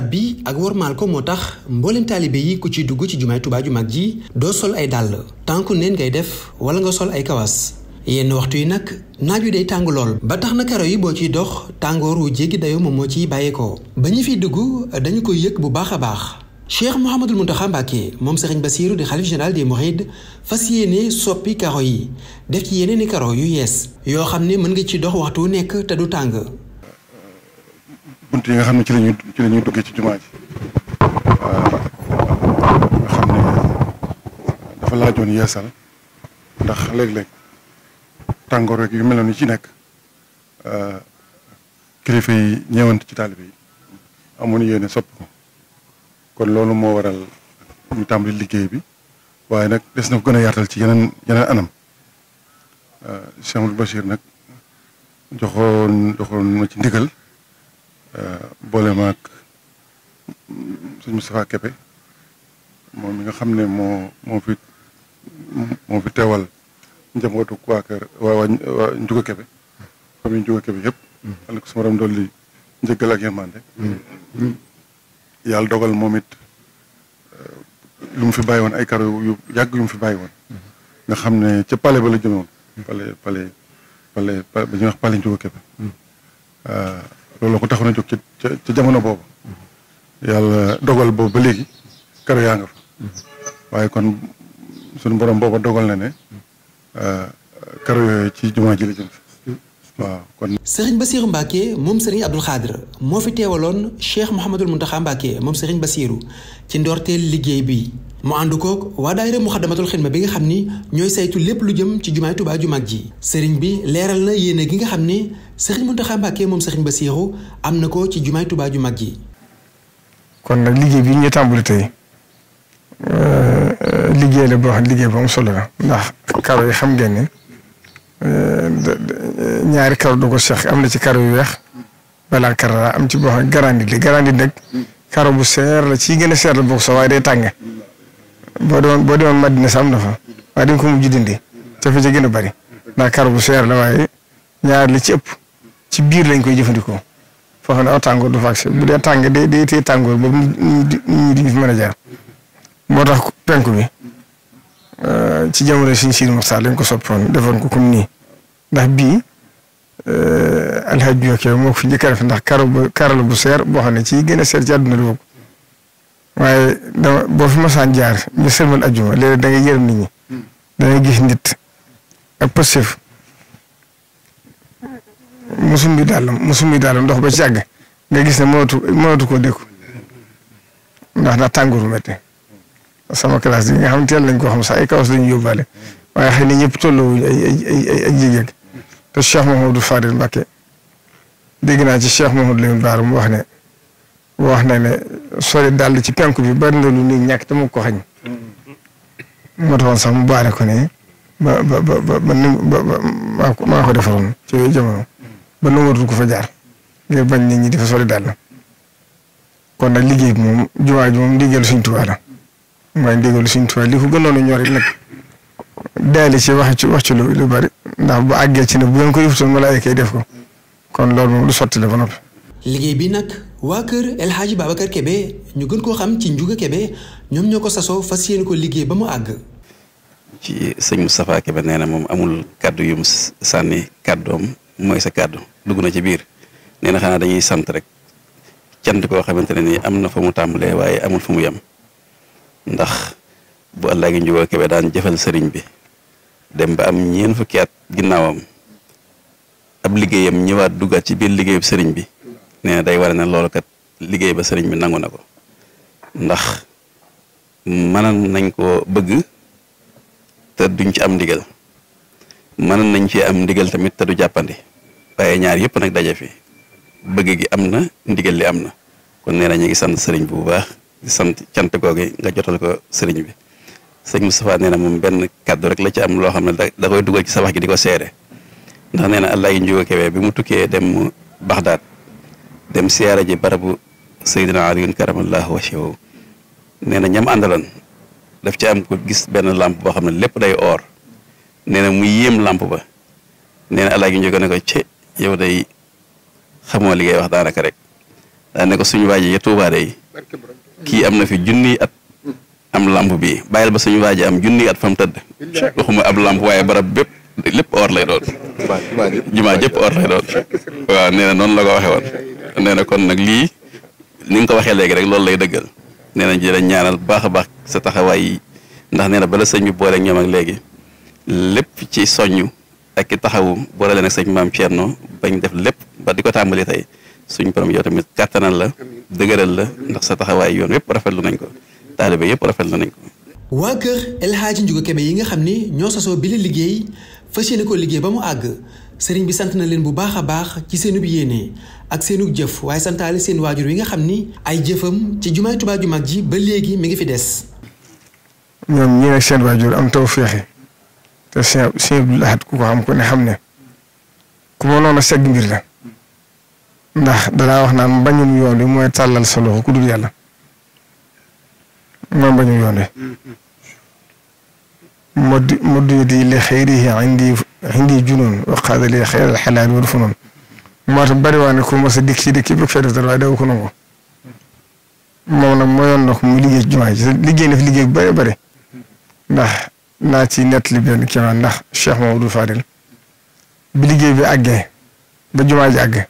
rab bi ak wormaal ko moo tax mbooleem taalibe yi ku ci dugg ci jumaay Tuubaa ju mag ji doo sol ay dàll tànku neen ngay def wala nga sol ay kawas yenn waxtu yi nag naaj wi day tàng lool ba tax na karo yi boo ciy dox tàngoor wu jéggi dayoo moom moo ciy bàyyeekoo ba ñu fiy dugg dañu koy yëg bu baax a baax Cheikh Mouhamadul Mountakha Mbacké moom ba Bassirou di xalif général des Mourides fas yéene soppi karo yi def ci yeneeni karo yu yees yoo xam ne mën nga ci dox waxtu wu nekk te du tàng bunt nga xam ne ci la ñuy ci la ñuy ci jumaa ji nga xam ne dafa laajoon yeesal ndax léeg-léeg tàngoor rek yu mel noonu ci nekk euh, kilifa yi ñeewante ci taalibe yi amoon yéene sopp ko kon loolu moo waral ñu tàmbali liggéey bi waaye nag des na ko gën a yaatal ci yeneen yeneen anam euh, Cheikh Bachir nag joxoon joxoon ma ci ndigal Euh, boolema ak sëñ Moustapha moom mi nga xam ne moo moo fi moo fi teewal njabootu waa kër waa waa Njuga Keppe famille Njuga Keppe yëpp. Mm-hmm. yàlla ko suma ram dolli njëggal ak yërmande. Mm-hmm. Mm-hmm. yàlla dogal moom it euh, lu mu fi bàyyi woon ay kar yu yàgg yu mu fi bàyyi woon. nga xam ne ca pale ba la jëme woon. pale ñuy wax pale Njuga loolu ko taxoon a jóg ci ci jamono boobu yàlla dogal boobu ba léegi karo yaa nga fa waaye kon sunu borom booba dogal na ne euh, karo yooyu ci jumaa ji la jëm waaw kon. Serigne Bassirou Mbacke moom Serigne Abdoul Khadr moo fi teewaloon Cheikh Mouhamadul Mountakha Mbacke moom Serigne Bassirou ci ndorteel liggéey bi. mu ànd koog waa daayira Muxaddamatul Xidma bi nga xam ni ñooy saytu lépp lu jëm ci jumaay ju mag ji. Serigne bi leeral na yéene gi nga xam ni Serigne Mountakha Mbacke moom Serigne Bassirou am na ko ci jumaay Tuubaa ju mag ji. kon nag liggéey bi ñu tàmbali tey liggéey la boo xam liggéey bu am solo la ndax karo yi xam ngeen ne. ñaari karo du ko seex am na ci karo yu weex balaa karo am ci boo xam garanti li garanti nag karo bu seer la ci gën a seer la bokk sax waaye day tàng boo demoon boo demoon Madina sax am na fa waaye dañ ko mujj dindi te fa ca gën a bari ndax karo bu seer la waaye ñaar li ci ëpp ci biir lañ koy jëfandikoo foo xam ne aw tàngoor du fa bu dee tàng day day téye tàngoor boobu ñu duñu fi mën a jaar moo tax penku bi euh, ci jamono suñ siir Muxtaar lañ ko soppoon defoon ko comme nii ndax bii euh, alhaji yokkee moo ko fi njëkk a def ndax karo bu karo bu seer boo xam ne ci gën a seer ci àdduna lu waaye dama boo fi masaan jaar ñu sërmal ajjuma léeg-léeg da ngay yërëm nit ñi mm. da ngay gis nit ak pësëf musum bi dàllam musum bi dàllam ndox ba ci yàgg nga gis ne mënatu mënatu koo dékku ndax ndax tàngooru métti sama classe bi nga xam teel nañ koo xam sax ay la dañuy yóbbaale waaye xëy na ñëpp tolluwuñu ay ay ay ay jéeg te Cheikh Mouhamadou Fadil Mbacké dégg naa ci Cheikh Mouhamadou Lamine Bara mu wax ne wax na ne sori dàll ci penku bi bari na lu ni ñàkk te mu ko xañ moo taxoon sax mu baare ko ne ba maa ko maa ko defaroon ci yooyu jamono ba nanguwutul ko fa jaar ngir bañ nit ñi di fa sori dàll kon nag liggéey bi moom jumaa ji moom ndigal suñ Tuubaa la mooy ndigal suñ Tuubaa li ko gënoon a ñor it nag daali ci wax ci wax ci lu bari. ndax bu àggee ci ne bu ngeen ko yëfutoon malaayika yi def ko kon loolu moom lu sotti la ba liggéey bi nag waa kër El Hadj Babacar Kébé ñu gën koo xam ci Ndiouga Kébé ñoom ñoo ko sasoo fas yéene ko liggéey ba mu àgg. ci sëñ Moustapha Kébé nee na moom amul kàddu yum sànni kàddoom mooy sa kàddu dugg na ci biir nee na xanaa dañuy sant rek cant koo xamante ne nii am na fa mu tàmbalee waaye amul fa mu yem ndax bu àllaa gi Ndiouga Kébé daan jëfal sëriñ bi. dem ba am ñeen fukki at ginnaawam ab liggéeyam ñëwaat duggaat ci biir liggéeyu sëriñ bi nee day war ne loolu kat liggéey ba sëriñ bi nangu na ko ndax mënoon nañ koo bëgg te duñ ci am ndigal mënoon nañ ci am ndigal tamit te du jàppandi waaye ñaar yëpp nag daje fi bëgg gi am na ndigal li am na kon nee na ñu ngi sant sëriñ bu baax di sant cant googu nga jotal ko sëriñ bi. sëñ Moustapha nee na moom benn kaddu rek la ci am loo xam ne da koy dugal ci sa wax ji di ko seere ndax nee na Allaaji Njuga Kebe bi mu tukkee dem Baxdaad dem siyaara ji barabu Seydina Aliyun karamallaahu wajhahu nee na ñam àndaloon daf ci am ko gis benn làmp boo xam ne lépp day or nee na mu yéem làmp ba nee na Allaaji Njuga ne ko ci yow day xamoo li ngay wax daanaka rek daa ne ko suñu waa ji ya Tuubaa day kii am na fi junniy at am làmp bi bàyyil ba suñu waaji am junni at fam tëdd waxuma ab lamp waaye barab bépp lépp or lay doon jumaa jëpp or lay doon waaw nee noonu la ko waxee woon nee na kon nag lii ni nga ko waxee léegi rek loolu lay dëggal nee na jëla ñaanal baax a baax sa taxawaay yi ndax nee na bala sëñ bi boole ñoom ak léegi lépp ci soññu ak i taxawu boole leen ak sëñ maam Thierno bañ def lépp ba di ko tàmbali tey suñ borom yow tamit kàttanal la dëgëral la ndax sa taxawaay yoon yépp rafetlu nañ ko taalibe yëpp rafetlu nañ ko. waa kër El Hadj Ndiouga Kébé yi nga xam ni ñoo sasoo bi la liggéey fas yéene ko liggéey ba mu àgg sëriñ bi sant na leen bu baax a baax ci seenub yéene ak seenu jëf waaye santaale seen waajur wi nga xam ni ay jëfam ci jumaay Tuubaa ju mag ji ba léegi mi ngi fi des. ñoom ñi seen waajur am taw féexe te seen seen laxat ku ko xam ku ne xam ne ku ma noonu segg mbir la ndax danaa wax naan bañun yoon wi mooy tàllal sa dul yàlla. man bañu yoone modi modiidi li xayrihi indi indi junoon wa qaada li xalaal wal funoon moo bari waa ne ko mos ko nangu nag moo yoon na ko mu liggéey ci jumaa ji liggéey na fi liggéey bu bëree bëri naa ci nett li benn kii bi liggéey bi àggee ba jumaa ji àgg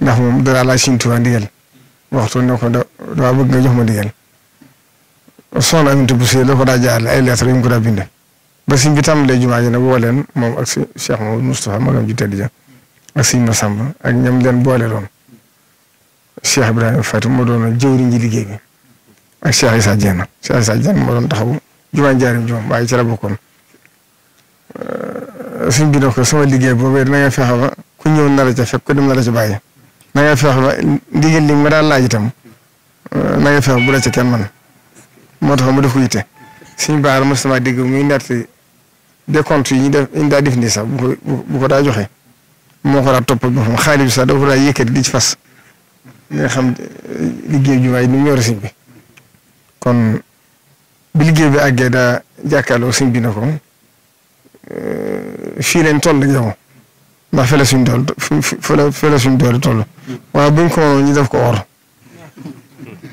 moom dara laa Sëriñ Tuubaa ndigal waxtu ne da daa bëgg nga jox ma ndigal soxna Aminata Bousso la ko daa jaarale ay lettres yu mu ko daa bindee ba sëñ bi tàmbalee jumaa ji nag woo leen moom ak si Cheikh Mamadou Moustapha magam ju tedd ja ak sëñ Massamba ak ñam leen boole doon Cheikh Ibrahima Fatou moo ji liggéey bi ak Cheikh Issa Dieng Cheikh Issa Dieng moo doon taxawu jumaa njaarim jumaa euh, ko liggéey boobu ku ñëw na la ca fekk ku dem na la bàyyi na nga fexe ba ndigal li ma daal laaj itam euh, na nga fexe bu la ca kenn mën moo tax mu def ko yitte suñ baar mos na maa dégg muy nett décompte yi ñu def ñu daa def nii sax bu ko bu daa joxe moo ko daa toppal boppam xaalis bi sax dafa daa yëkkati di ci fas nga xam eh, liggéey jumaa yi ni mu ñor sëñ bi kon bi liggéey bi àggee daa jàkkaarloo sëñ bi na ko eh, fii leen toll yow ndax fële suñ dool fële fële suñ dool toll waaye buñ ko mënoon ñu def ko or.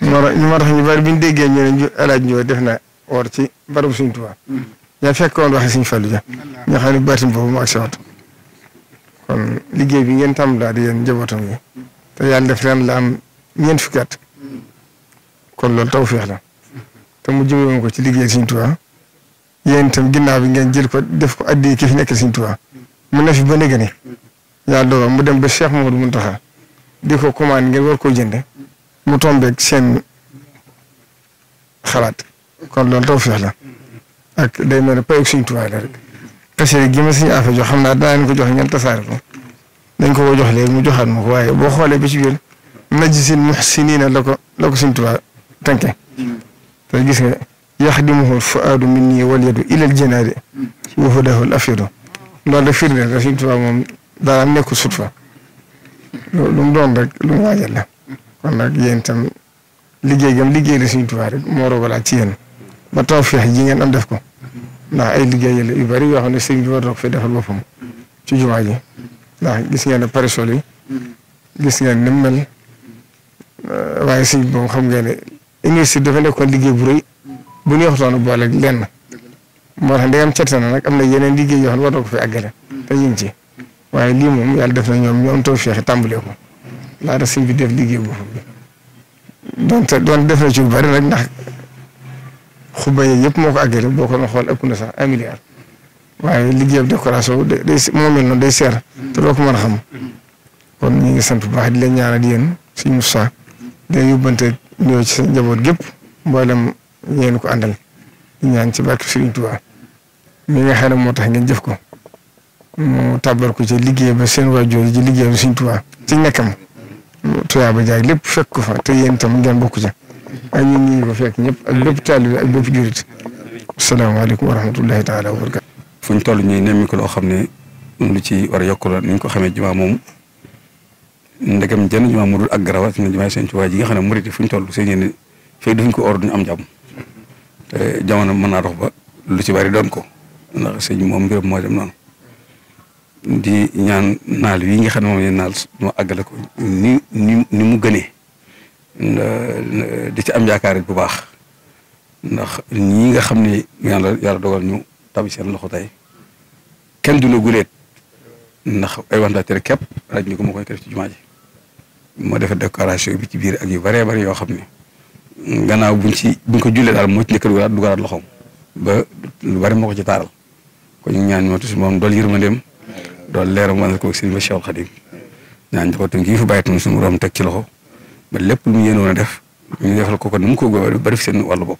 ma tax ñu bari bi ñu déggee ñu ne alaaj ñu def na woor ci barabu Sëriñ Tuubaa yaa fekkoon waxi Sëriñ Fallu ja ñoo xam ne baatin boobu mu ak sawat kon liggéey bi ngeen tam daal di yéen njabootam yi te yàlla def ren la am ñeent fukki at kon loolu tawfeex la te mu jëmee ko ci liggéey Sëriñ Tuubaa yéen itam ginnaaw bi ngeen jël ko def ko addi ki fi nekk Sëriñ Tuubaa mu ne fi ba léegi ni yaa mu dem ba Cheikh Mamadou Mountakha di ko commande ngeen war ko jënd mu tombeeg seen xalaat kon loolu tawfeex la ak day mel ne payoog suñ tubaab la rek. xasee gi ma suñu affaire jox xam naa dinaa leen ko jox ngeen tasaare dañ ko jox mu joxaat ma waaye boo xoolee ba ci biir najsil muxsinina la ko la ko suñ tubaab tànkee te gis nga yaxdimuhu fuaadu minni wal yadu ilal jinaari wa hudahu al afidu de la suñ moom daal am nekkul sut fa rek lu mu waajal kon nag yéen itam liggéey gam liggéey la suñu Tuubaa rek moo rogalaat ci yéen ba tawfeex ji ngeen am def ko ndax ay liggéey la yu bari yoo xam ne sëñ bi war na ko fi defal ci jumaa ji ndax gis ngeen ne parasol yi gis ngeen ni mel euh, waaye sëñ bi moom xam ngeen ne université dafa nekkoon liggéey bu rëy bu ñu waxtoon boole lenn moo tax ndegam certe na nag am na yeneen liggéey yoo xam ne war na ko fi àggale te ñu ci waaye lii moom yàlla def na ñoom ñu am tawfeex tàmbalee ko laata sëñ bi def liggéey boobu donte doon def na ci lu bari nag ndax xuba yooyu yëpp moo ko àggale boo ko doon xool ëpp na sax un milliard waaye liggéeyam décoration moo mel noonu day seer te doo ko mën a xam kon ñu ngi sant bu baax di leen ñaanal yéen suñu Moussa di leen yóbbante ñëw ci seen njaboot gépp mboolem ñeen ko àndal ñu ñaan ci barke Sëriñ Tuubaa mi nga xam ne moo tax ngeen jëf ko mu tàbbal ko ci liggéey ba seen waajur ji liggéeyam Sëriñ Tuubaa ci nekkam tuyaaba jaay lépp fekk ko fa te yéen tam ngeen bokk ca ak ñun ñu ko fekk ñëpp ak lépp taalibe a lépp jurit salaamaaleykum wa rahmatullahi taala wa barakaatu. fu ñu toll ñuy nemmi ko loo xam ne lu ci war a yokk la ni ñu ko xamee jumaa moom ndegam jenn jumaa mu dul ak garawaat na jumaa seen tuwaay ji nga xam ne murit fu ñu tollu seen yéen fekk duñ ko or duñu am jàmm te jamono mën naa dox ba lu ci bari doon ko ndax sëñ moom mbiram moo dem noonu. di ñaan naal yi nga xam ne moom la naal moo àggale ko ni ni mu gënee di ci am yaakaar bu baax ndax ñi nga xam ne yàlla yàlla dogal ñu tabi seen loxo tey kenn du la guleet ndax ay wantaatee képp raj ni ko ma koy ci jumaa ji moo defee décoration bi ci biir ak yu bëree bëri yoo xam ne gannaaw buñ ci buñ ko jullee daal moo ci njëkk a dugalaat loxoom ba lu bari moo ko ci taaral kon ñu ñaan moo tis moom dool yërmandeem doon leeram mu ànd ak sëriñ ba Cheikh Khadim ñaan njabootam gi fi bàyyi tamit suñu room teg ci loxo ba lépp lu mu yéenoon ko ko ni mu ko góobee ba def seen wàllu bopp.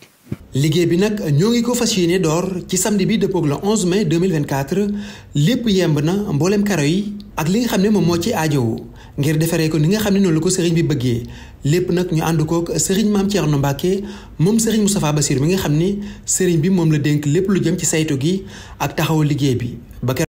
liggéey bi nag ñoo ngi ko fas yéene door ci samedi bi dëppoog le 11 mai 2024 lépp yemb na mboolem karo yi ak li nga xam ne moom moo ci aajowu ngir defaree ko ni nga xam ne noonu lu ko sëriñ bi bëggee lépp nag ñu ànd koog sëriñ maam Thierno Mbacke moom sëriñ Moustapha Bassir mi nga xam ne sëriñ bi moom la dénk lépp lu jëm ci saytu gi ak taxawu liggéey bi ba